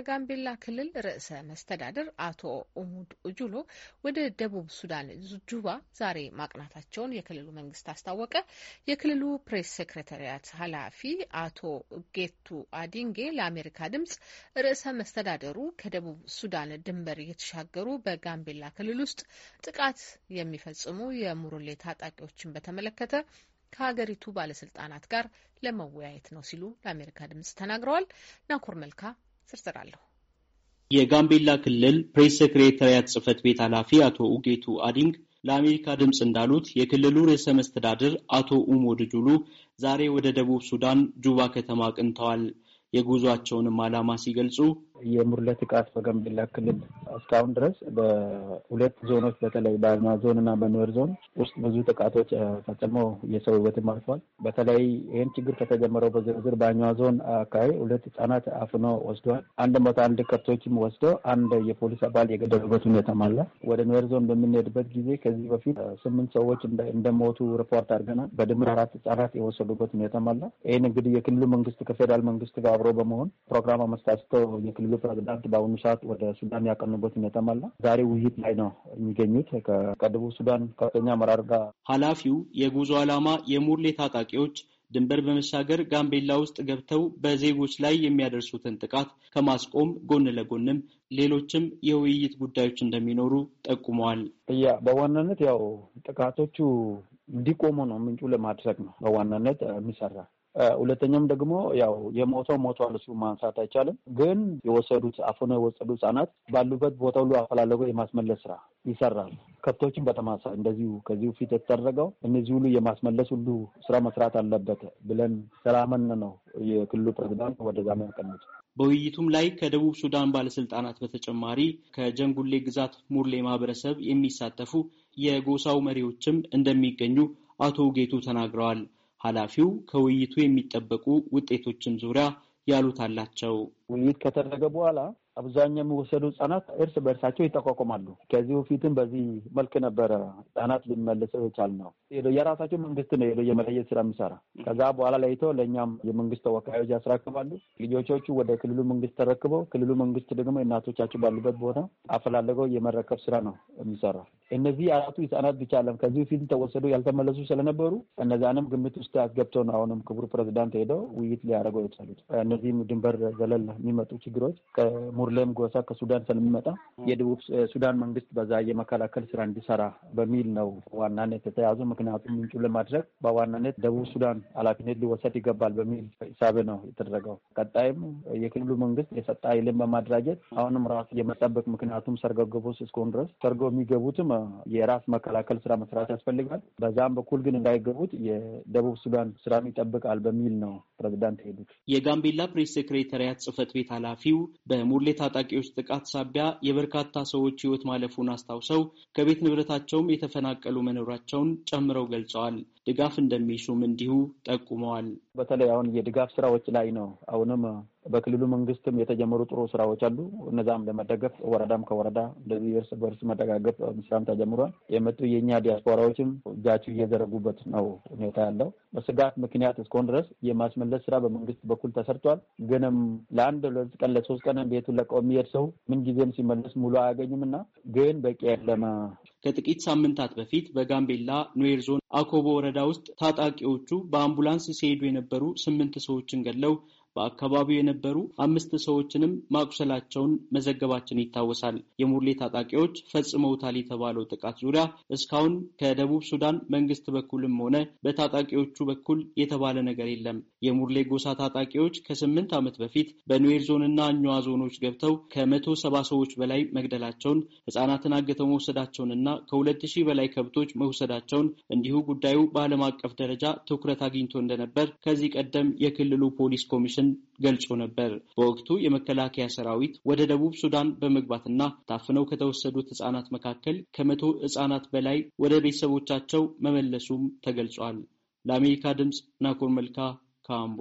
በጋምቤላ ክልል ርዕሰ መስተዳደር አቶ ኡሙድ ኡጁሎ ወደ ደቡብ ሱዳን ጁባ ዛሬ ማቅናታቸውን የክልሉ መንግስት አስታወቀ። የክልሉ ፕሬስ ሴክሬታሪያት ኃላፊ አቶ ጌቱ አዲንጌ ለአሜሪካ ድምጽ ርዕሰ መስተዳደሩ ከደቡብ ሱዳን ድንበር እየተሻገሩ በጋምቤላ ክልል ውስጥ ጥቃት የሚፈጽሙ የሙሩሌ ታጣቂዎችን በተመለከተ ከሀገሪቱ ባለስልጣናት ጋር ለመወያየት ነው ሲሉ ለአሜሪካ ድምጽ ተናግረዋል። ናኮር መልካ ዝርዝር አለሁ። የጋምቤላ ክልል ፕሬስ ሴክሬታሪያት ጽህፈት ቤት ኃላፊ አቶ ኡጌቱ አዲንግ ለአሜሪካ ድምፅ እንዳሉት የክልሉ ርዕሰ መስተዳድር አቶ ኡሞድ ጁሉ ዛሬ ወደ ደቡብ ሱዳን ጁባ ከተማ አቅንተዋል። የጉዟቸውንም ዓላማ ሲገልጹ የሙርለት ጥቃት በጋምቤላ ክልል እስካሁን ድረስ በሁለት ዞኖች በተለይ በአልማ ዞን እና በኑዌር ዞን ውስጥ ብዙ ጥቃቶች ፈጽሞ የሰው ሕይወትም አልፏል። በተለይ ይህን ችግር ከተጀመረው በዝርዝር በአኛ ዞን አካባቢ ሁለት ህጻናት አፍኖ ወስደዋል። አንድ መቶ አንድ ከብቶችም ወስዶ አንድ የፖሊስ አባል የገደሉበት ሁኔታ አለ። ወደ ኑዌር ዞን በምንሄድበት ጊዜ ከዚህ በፊት ስምንት ሰዎች እንደሞቱ ሪፖርት አድርገናል። በድምር አራት ህጻናት የወሰዱበት ሁኔታ አለ። ይህን እንግዲህ የክልሉ መንግስት ከፌዴራል መንግስት ጋር አብሮ በመሆን ፕሮግራም አመስታስተው የክልሉ የክልሉ ፕሬዚዳንት በአሁኑ ሰዓት ወደ ሱዳን ያቀኑበት ሁኔታም አለ። ዛሬ ውይይት ላይ ነው የሚገኙት ከደቡብ ሱዳን ከፍተኛ አመራር ጋር። ኃላፊው የጉዞ ዓላማ የሙርሌ ታጣቂዎች ድንበር በመሻገር ጋምቤላ ውስጥ ገብተው በዜጎች ላይ የሚያደርሱትን ጥቃት ከማስቆም ጎን ለጎንም ሌሎችም የውይይት ጉዳዮች እንደሚኖሩ ጠቁመዋል። እያ በዋናነት ያው ጥቃቶቹ እንዲቆሙ ነው ምንጩ ለማድረግ ነው በዋናነት የሚሰራ ሁለተኛም ደግሞ ያው የሞተው ሞቷል፣ እሱ ማንሳት አይቻልም። ግን የወሰዱት አፍኖ የወሰዱ ህጻናት ባሉበት ቦታ ሁሉ አፈላለጎ የማስመለስ ስራ ይሰራል። ከብቶችን በተማሳ እንደዚሁ ከዚሁ ፊት የተደረገው እነዚህ ሁሉ የማስመለስ ሁሉ ስራ መስራት አለበት ብለን ሰላመን ነው የክልሉ ፕሬዚዳንት ወደዛ ያቀኑት። በውይይቱም ላይ ከደቡብ ሱዳን ባለስልጣናት በተጨማሪ ከጀንጉሌ ግዛት ሙርሌ ማህበረሰብ የሚሳተፉ የጎሳው መሪዎችም እንደሚገኙ አቶ ጌቱ ተናግረዋል። ኃላፊው ከውይይቱ የሚጠበቁ ውጤቶችም ዙሪያ ያሉት አላቸው። ውይይት ከተደረገ በኋላ አብዛኛው የሚወሰዱ ህጻናት እርስ በእርሳቸው ይጠቋቁማሉ። ከዚህ በፊትም በዚህ መልክ ነበረ ህጻናት ልንመልሰው የቻል ነው። የራሳቸው መንግስት ነው ሄዶ የመለየት ስራ የሚሰራ ከዛ በኋላ ለይቶ ለእኛም የመንግስት ተወካዮች ያስረክባሉ። ልጆቾቹ ወደ ክልሉ መንግስት ተረክበው ክልሉ መንግስት ደግሞ እናቶቻቸው ባሉበት ቦታ አፈላለገው የመረከብ ስራ ነው የሚሰራ። እነዚህ አራቱ ህጻናት ብቻ አለም ከዚህ በፊት ተወሰዱ ያልተመለሱ ስለነበሩ እነዛንም ግምት ውስጥ አስገብተው ነው አሁንም ክቡር ፕሬዚዳንት ሄደው ውይይት ሊያደርገው የቻሉት። እነዚህም ድንበር ዘለል የሚመጡ ችግሮች ከሙር ኦርለም ጎሳ ከሱዳን ስለሚመጣ የደቡብ ሱዳን መንግስት በዛ የመከላከል ስራ እንዲሰራ በሚል ነው ዋናነት የተያዙ። ምክንያቱም ምንጩ ለማድረግ በዋናነት ደቡብ ሱዳን ኃላፊነት ሊወሰድ ይገባል በሚል ሂሳብ ነው የተደረገው። ቀጣይም የክልሉ መንግስት የሰጠ ኃይልን በማደራጀት አሁንም ራሱ የመጠበቅ ምክንያቱም ሰርጎ ገቦስ እስከሆን ድረስ ሰርጎ የሚገቡትም የራስ መከላከል ስራ መስራት ያስፈልጋል። በዛም በኩል ግን እንዳይገቡት የደቡብ ሱዳን ስራም ይጠብቃል በሚል ነው ፕሬዚዳንት ሄዱት። የጋምቤላ ፕሬስ ሴክሬታሪያት ጽህፈት ቤት ኃላፊው በሙርሌ ታጣቂዎች ጥቃት ሳቢያ የበርካታ ሰዎች ሕይወት ማለፉን አስታውሰው ከቤት ንብረታቸውም የተፈናቀሉ መኖራቸውን ጨምረው ገልጸዋል። ድጋፍ እንደሚሹም እንዲሁ ጠቁመዋል። በተለይ አሁን የድጋፍ ስራዎች ላይ ነው። አሁንም በክልሉ መንግስትም የተጀመሩ ጥሩ ስራዎች አሉ። እነዛም ለመደገፍ ወረዳም ከወረዳ እንደዚህ እርስ በርስ መደጋገፍ ስራም ተጀምሯል። የመጡ የእኛ ዲያስፖራዎችም እጃቸው እየዘረጉበት ነው ሁኔታ ያለው። በስጋት ምክንያት እስከሆን ድረስ የማስመለስ ስራ በመንግስት በኩል ተሰርቷል። ግንም ለአንድ ሁለት ቀን ለሶስት ቀን ቤቱን ለቀው የሚሄድ ሰው ምንጊዜም ሲመለስ ሙሉ አያገኝም እና ግን በቂ ያለመ ከጥቂት ሳምንታት በፊት በጋምቤላ ኑዌር ዞን አኮቦ ወረዳ ውስጥ ታጣቂዎቹ በአምቡላንስ ሲሄዱ የነበሩ ስምንት ሰዎችን ገለው? በአካባቢው የነበሩ አምስት ሰዎችንም ማቁሰላቸውን መዘገባችን ይታወሳል። የሙርሌ ታጣቂዎች ፈጽመውታል የተባለው ጥቃት ዙሪያ እስካሁን ከደቡብ ሱዳን መንግስት በኩልም ሆነ በታጣቂዎቹ በኩል የተባለ ነገር የለም። የሙርሌ ጎሳ ታጣቂዎች ከስምንት ዓመት በፊት በኑዌር ዞንና አኛዋ ዞኖች ገብተው ከመቶ ሰባ ሰዎች በላይ መግደላቸውን፣ ህጻናትን አግተው መውሰዳቸውንና ከሁለት ሺህ በላይ ከብቶች መውሰዳቸውን እንዲሁ ጉዳዩ በዓለም አቀፍ ደረጃ ትኩረት አግኝቶ እንደነበር ከዚህ ቀደም የክልሉ ፖሊስ ኮሚሽን ገልጾ ነበር። በወቅቱ የመከላከያ ሰራዊት ወደ ደቡብ ሱዳን በመግባትና ታፍነው ከተወሰዱት ህጻናት መካከል ከመቶ ህጻናት በላይ ወደ ቤተሰቦቻቸው መመለሱም ተገልጿል። ለአሜሪካ ድምፅ ናኮር መልካ ካምቦ